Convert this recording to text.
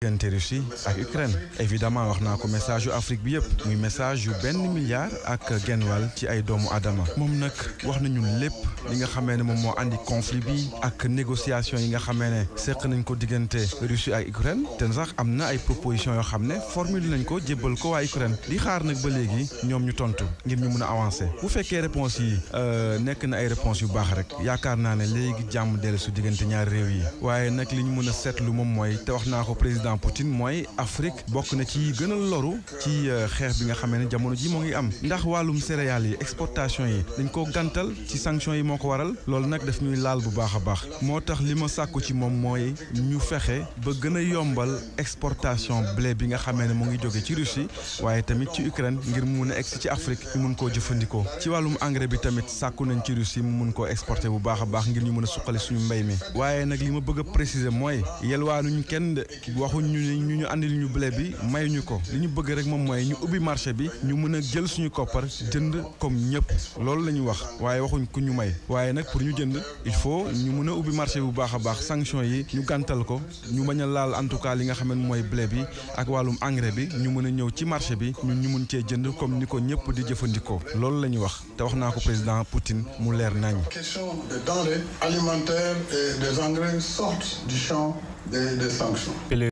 diggante Russie ak Ukraine évidemment wax naa ko message yu Afrique bi yëpp muy message yu benn milliard ak genwal ci ay doomu adama moom nag wax nañu lépp li nga xamee ne moom moo andi conflit bi ak négociation yi nga xamee ne seq nañ ko diggante Russie ak Ukraine te sax am na ay proposition yoo xam ne formule nañ ko jébbal ko waa Ukraine di xaar nag ba léegi ñoom ñu tontu ngir ñu mun a avancer bu fekkee réponse yi euh, nekk na ay réponse yu baax rek yaakaar naa ne léegi jàmm dellu su diggante ñaari réew yi waaye nag li ñu mën a seetlu moom mooy te wax naa ko président président Poutine mooy Afrique bokk na ci gën a loru ci euh, xeex bi nga xamee ne jamono ji moo ngi am ndax wàllum céréales yi exportation yi dañ ko gàntal ci sanctions yi moo ko waral loolu nag daf ñuy laal bu baax a baax moo tax li ma sàkku ci moom mooy ñu fexe ba gën a yombal exportation blé bi nga xamee ne mu ngi jóge ci Russie waaye tamit ci Ukraine ngir mu mun a egsi ci Afrique ñu mun koo jëfandikoo ci wàllum engrais bi tamit sàkku nañ ci Russie mu mun koo exporter bu baax a baax ngir ñu mën a suqali suñu mbéy mi nangu ñu ñu ñu andil ñu blé bi may ko li ñu bëgg rek moom mooy ñu ubbi marché bi ñu mën a jël suñu koppar jënd comme ñëpp loolu la ñu wax waaye waxuñ ku ñu may waaye nag pour ñu jënd il faut ñu mën a ubbi marché bu baax a baax sanction yi ñu gàntal ko ñu bañ a laal en tout cas li nga xam ne mooy blé bi ak wàllum engrais bi ñu mën a ñëw ci marché bi ñun ñu mën cee jënd comme ni ko ñëpp di jëfandikoo loolu la ñu wax te wax naa ko président Poutine mu leer nañ. question des